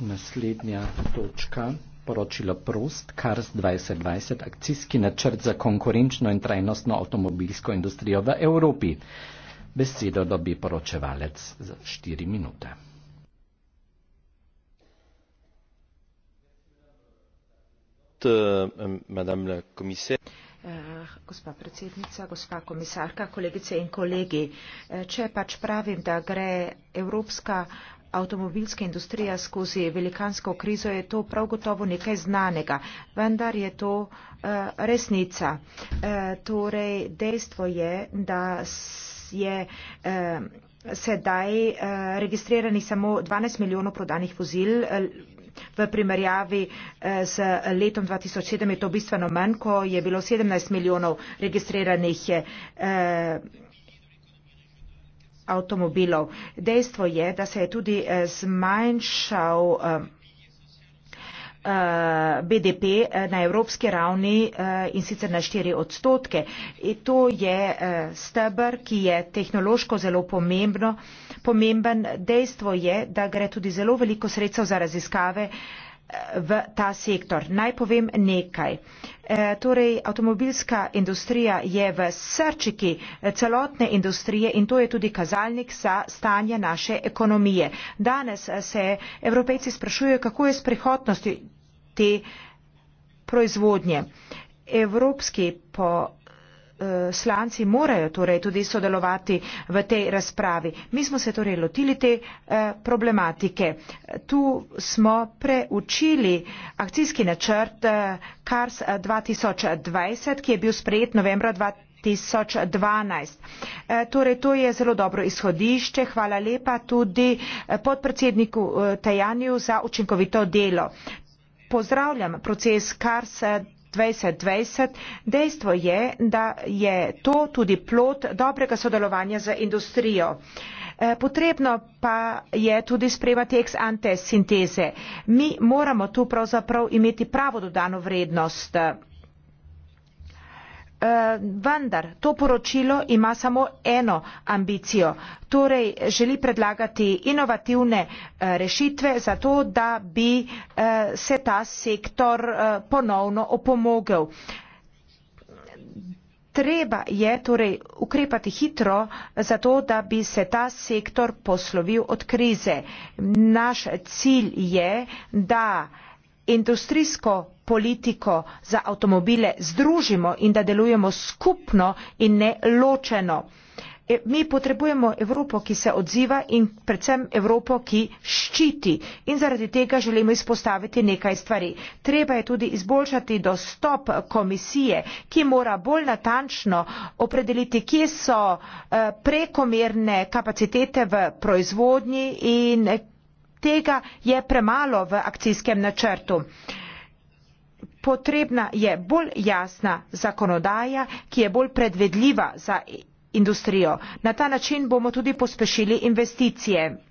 Naslednja točka, poročilo Prost, KARS 2020, akcijski načrt za konkurenčno in trajnostno avtomobilsko industrijo v Evropi. Besedo dobi poročevalec za 4 minute. Eh, gospa predsednica, gospa komisarka, kolegice in kolegi, eh, če pač pravim, da gre Evropska avtomobilske industrije skozi velikansko krizo, je to prav gotovo nekaj znanega. Vendar je to eh, resnica. Eh, torej, dejstvo je, da je eh, sedaj registriranih samo 12 milijonov prodanih vozil. V primerjavi z letom 2007 je to bistveno manj, ko je bilo 17 milijonov registriranih. Eh, avtomobilov. Dejstvo je, da se je tudi eh, zmanjšal eh, eh, BDP na evropski ravni in sicer na 4 odstotke. In to je stebr, ki je tehnološko zelo pomembno. pomemben. Dejstvo je, da gre tudi zelo veliko sredstev za raziskave, v ta sektor. Naj povem nekaj. E, torej, avtomobilska industrija je v srčiki e, celotne industrije in to je tudi kazalnik za stanje naše ekonomije. Danes e, se evropejci sprašujejo, kako je s prihodnosti te proizvodnje. Evropski po poslanci eh, morajo torej tudi sodelovati v tej razpravi. Mi smo se torej lotili te eh, problematike. Tu smo preučili akcijski načrt CARS eh, 2020, ki je bil sprejet novembra 2012. Torej, to je zelo dobro izhodišče. Hvala lepa tudi podpredsedniku Tajaniju za učinkovito delo. Pozdravljam proces CARS 2020. 2020 dejstvo je, da je to tudi plot dobrega sodelovanja z industrijo. Eh, potrebno pa je tudi sprejemati ex ante sinteze. Mi moramo tu pravzaprav imeti pravo dodano vrednost. Eh, vendar to poročilo ima samo eno ambicijo torej želi predlagati inovativne eh, rešitve zato da bi eh, se ta sektor ponovno opomogel treba je torej ukrepati hitro zato da bi se ta sektor poslovil od krize naš cilj je da industrijsko politiko za avtomobile združimo in da delujemo skupno in ne ločeno. E, mi potrebujemo Evropo, ki se odziva in predvsem Evropo, ki ščiti. In zaradi tega želimo izpostaviti nekaj stvari. Treba je tudi izboljšati dostop komisije, ki mora bolj natančno opredeliti, kje so eh, prekomerne kapacitete v proizvodnji in tega je premalo v akcijskem načrtu. Potrebna je bolj jasna zakonodaja, ki je bolj predvedljiva za industrijo. Na ta način bomo tudi pospešili investicije.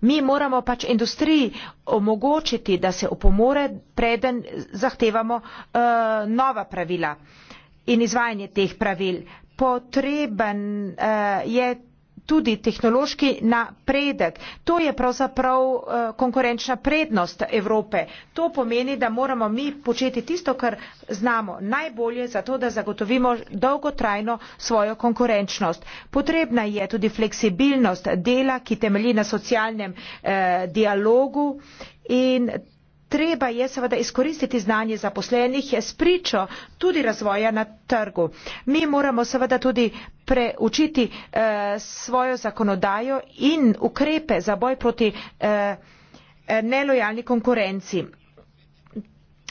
Mi moramo pač industriji omogočiti, da se opomore, preden zahtevamo uh, nova pravila in izvajanje teh pravil. Potreben uh, je tudi tehnološki napredek. To je pravzaprav eh, konkurenčna prednost Evrope. To pomeni, da moramo mi početi tisto, kar znamo najbolje, zato da zagotovimo dolgotrajno svojo konkurenčnost. Potrebna je tudi fleksibilnost dela, ki temelji na socialnem eh, dialogu in treba je seveda izkoristiti znanje zaposlenih je spričo tudi razvoja na trgu. Mi moramo seveda tudi preučiti eh, svojo zakonodajo in ukrepe za boj proti eh, eh nelojalni konkurenci,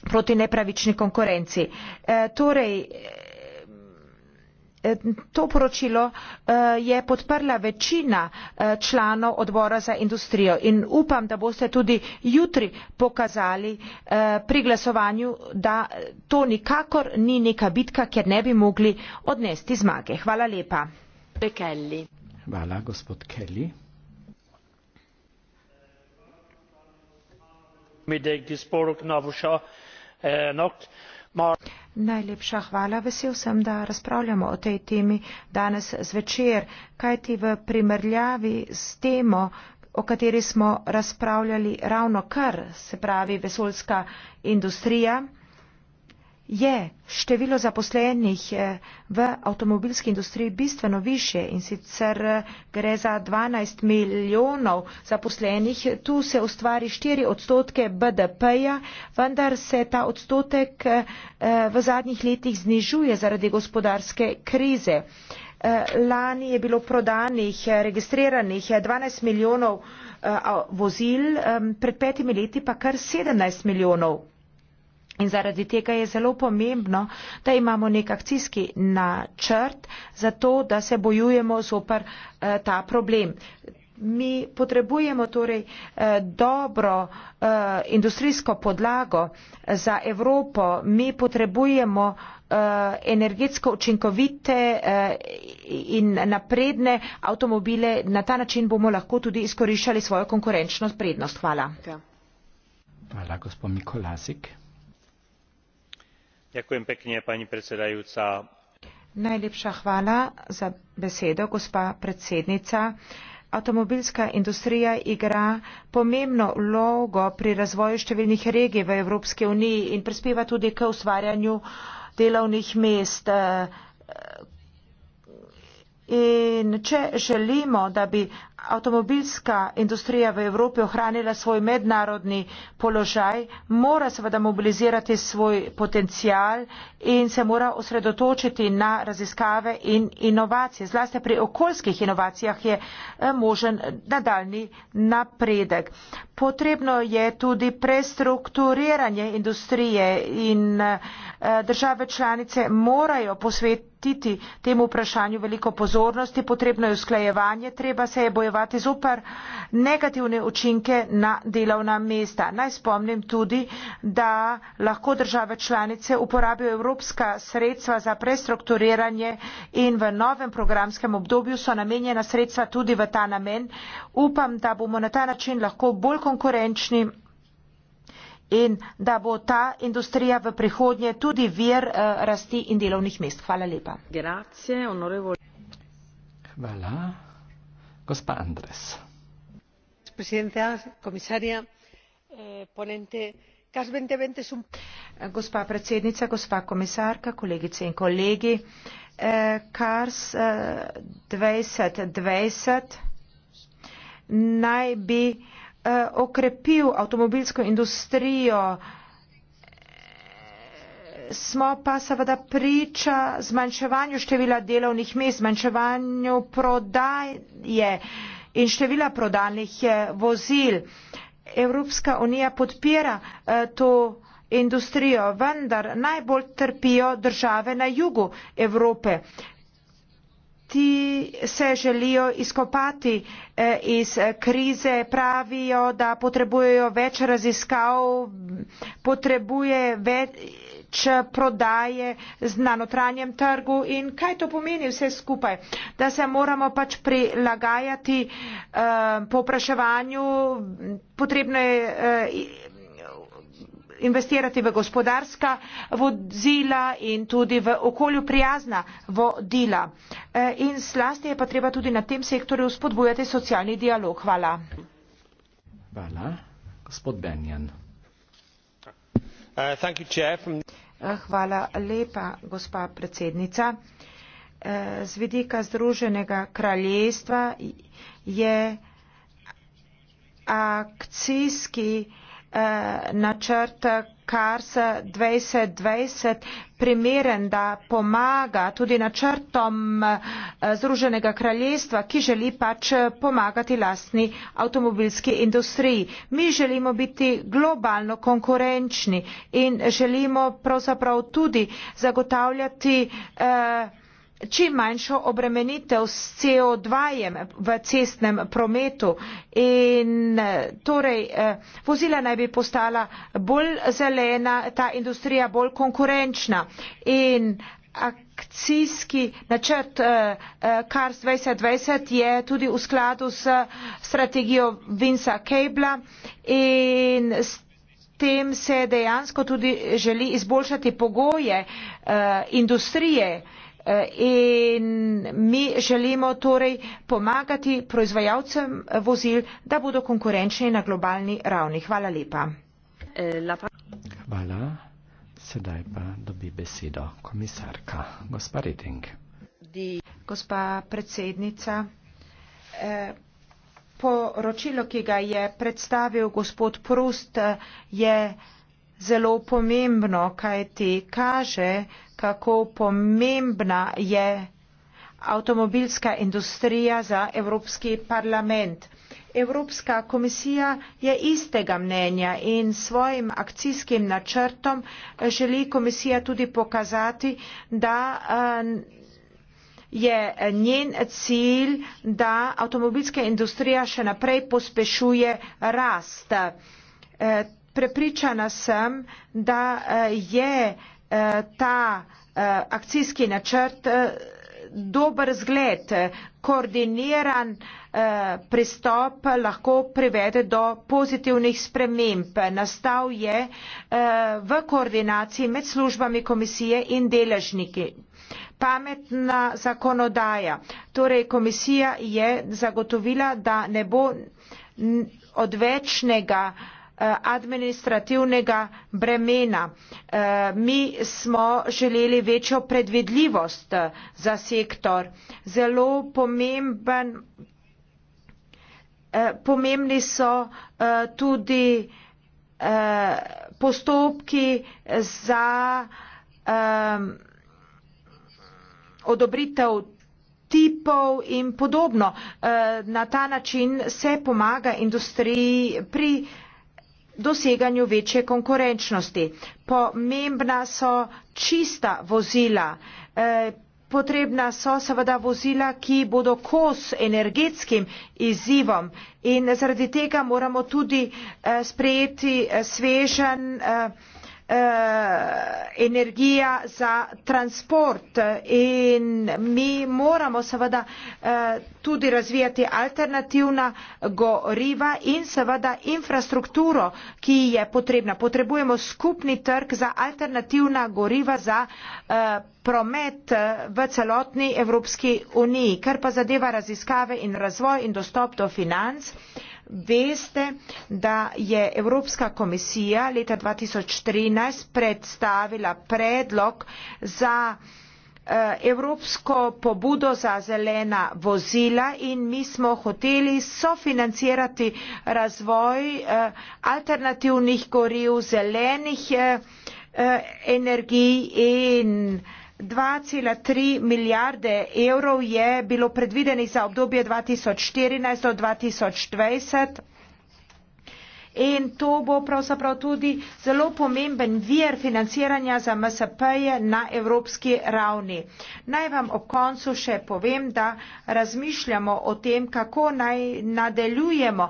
proti nepravični konkurenci. Eh, torej, Eh, to poročilo eh, je podprla večina eh, članov odbora za industrijo in upam da boste tudi jutri pokazali pri glasovanju da to nikakor ni neka bitka ker ne bi mogli odnesti zmage hvala lepa hvala gospod kelly Middag, die Sporok Navusha, uh, Nacht. Najlepša hvala. Vesel sem, da razpravljamo o tej temi danes zvečer, kajti v primerjavi s temo, o kateri smo razpravljali ravno kar, se pravi vesoljska industrija, je število zaposlenih eh, v avtomobilski industriji bistveno više in sicer eh, gre za dvanajst milijonov zaposlenih tu se ustvari štiri odstotke bdp ja vendar se ta odstotek eh, v zadnjih letih znižuje zaradi gospodarske krize lani je bilo prodanih registriranih dvanajst milijonov vozil pred petimi leti pa kar sedemnajst milijonov In zaradi tega je zelo pomembno, da imamo nek akcijski načrt za to, da se bojujemo zoper eh, ta problem. Mi potrebujemo torej eh, dobro eh, industrijsko podlago za Evropo, mi potrebujemo eh, energetsko učinkovite eh, in napredne avtomobile, na ta način bomo lahko tudi izkoriščali svojo konkurenčnost prednost. Hvala. Hvala, gospod Mikolasik najlepša hvala za besedo gospa predsednica. avtomobilska industrija igra pomembno vlogo pri razvoju številnih regij v evropski uniji in prispeva tudi k ustvarjanju delovnih mest in če želimo da bi avtomobilska industrija ostala avtomobilska industrija v evropi ohranila svoj mednarodni položaj mora seveda mobilizirati svoj potencial in se mora osredotočiti na raziskave in inovacije zlasti pri okoljskih inovacijah je eh, možen nadaljni napredek potrebno je tudi prestrukturiranje industrije in eh, države članice morajo posvetiti temu vprašanju veliko pozornosti potrebno je usklajevanje treba se je bojevati omejevati zoper negativne učinke na delovna mesta. Naj spomnim tudi, da lahko države članice uporabijo evropska sredstva za prestrukturiranje in v novem programskem obdobju so namenjena sredstva tudi v ta namen. Upam, da bomo na ta način lahko bolj konkurenčni in da bo ta industrija v prihodnje tudi vir eh, rasti in delovnih mest. Hvala lepa. Hvala señora presidenta comisaria eh, ponente cas dos mil veinte es un. gospa predsednica gospa komisarka kolegice in kolegi eh, cars eh, dvajset dvajset naj bi okrepil avtomobilsko industrijo smo pa seveda priča zmanjševanju števila delovnih mest, zmanjševanju prodaje in števila prodanih eh, vozil. Evropska unija podpira eh, to industrijo, vendar najbolj trpijo države na jugu Evrope ti se želijo izkopati eh, iz eh, krize, pravijo, da potrebujejo več raziskav, potrebuje več prodaje na notranjem trgu in kaj to pomeni vse skupaj, da se moramo pač prilagajati eh, popraševanju, potrebno je investirati v gospodarska vozila in tudi v okolju prijazna vodila. E, in slasti je pa treba tudi na tem sektorju spodbujati socialni dialog. Hvala. Hvala. Gospod Benjan. Uh, e, hvala lepa, gospa predsednica. E, z vidika Združenega kraljestva je akcijski Eh, načrt KARS 2020 primeren, da pomaga tudi načrtom eh, Združenega kraljestva, ki želi pač pomagati lastni avtomobilski industriji. Mi želimo biti globalno konkurenčni in želimo pravzaprav tudi zagotavljati eh, čim manjšo obremenitev s CO2 v cestnem prometu in eh, torej eh, vozila naj bi postala bolj zelena, ta industrija bolj konkurenčna in akcijski načrt eh, CARS 2020 je tudi v skladu s strategijo Vinca Cable in s tem se dejansko tudi želi izboljšati pogoje industrije in mi želimo torej pomagati proizvajalcem vozil, da bodo konkurenčni na globalni ravni. Hvala lepa. Hvala. Sedaj pa dobi besedo komisarka, gospa Reding. Gospa predsednica, eh, poročilo, ki ga je predstavil gospod Prust, eh, je zelo pomembno, kaj ti kaže, kako pomembna je avtomobilska industrija za Evropski parlament. Evropska komisija je istega mnenja in svojim akcijskim načrtom želi komisija tudi pokazati, da eh, je njen cilj, da avtomobilska industrija še naprej pospešuje rast. Eh, prepričana sem, da eh, je ta eh, akcijski načrt eh, dober zgled, koordiniran eh, pristop lahko privede do pozitivnih sprememb. Nastal je v koordinaciji med službami komisije in deležniki. Pametna zakonodaja. Torej, komisija je zagotovila, da ne bo odvečnega uh, Eh, administrativnega bremena. Eh, mi smo želeli večjo predvidljivost eh, za sektor. Zelo pomemben, pomembni so tudi postopki za odobritev tipov in podobno. Na ta način se pomaga industriji pri doseganju večje konkurenčnosti. Pomembna so čista vozila. E, potrebna so seveda vozila, ki bodo kos energetskim izzivom in zaradi tega moramo tudi e, sprejeti e, svežen uh, energija za transport in mi moramo seveda uh, tudi razvijati alternativna goriva in seveda infrastrukturo, ki je potrebna. Potrebujemo skupni trg za alternativna goriva za uh, promet v celotni Evropski uniji, kar pa zadeva raziskave in razvoj in dostop do financ. Uh, veste, da je Evropska komisija leta 2013 predstavila predlog za eh, Evropsko pobudo za zelena vozila in mi smo hoteli sofinancirati razvoj eh, alternativnih goriv, zelenih eh, energij in 2,3 milijarde evrov je bilo predvidenih za obdobje 2014 do 2020. In to bo pravzaprav tudi zelo pomemben vir financiranja za MSP-je na evropski ravni. Naj vam ob koncu še povem, da razmišljamo o tem, kako naj nadaljujemo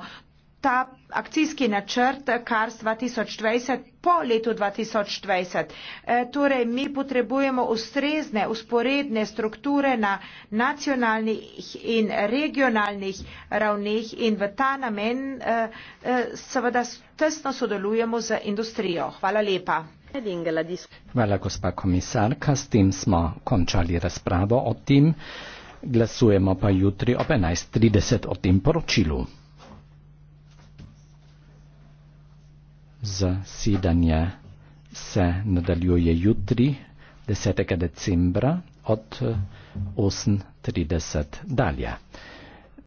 ta akcijski načrt KARS 2020 po letu 2020. E, torej, mi potrebujemo ustrezne, usporedne strukture na nacionalnih in regionalnih ravneh in v ta namen e, e, seveda tesno sodelujemo z industrijo. Hvala lepa. Hvala, gospa komisarka. S tem smo končali razpravo o tem. Glasujemo pa jutri ob 11.30 o tem poročilu. zasedanje se nadaljuje jutri, 10. decembra od 8.30 eh, dalje.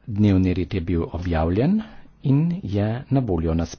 Dnevni red je bil objavljen in je na voljo na spletu.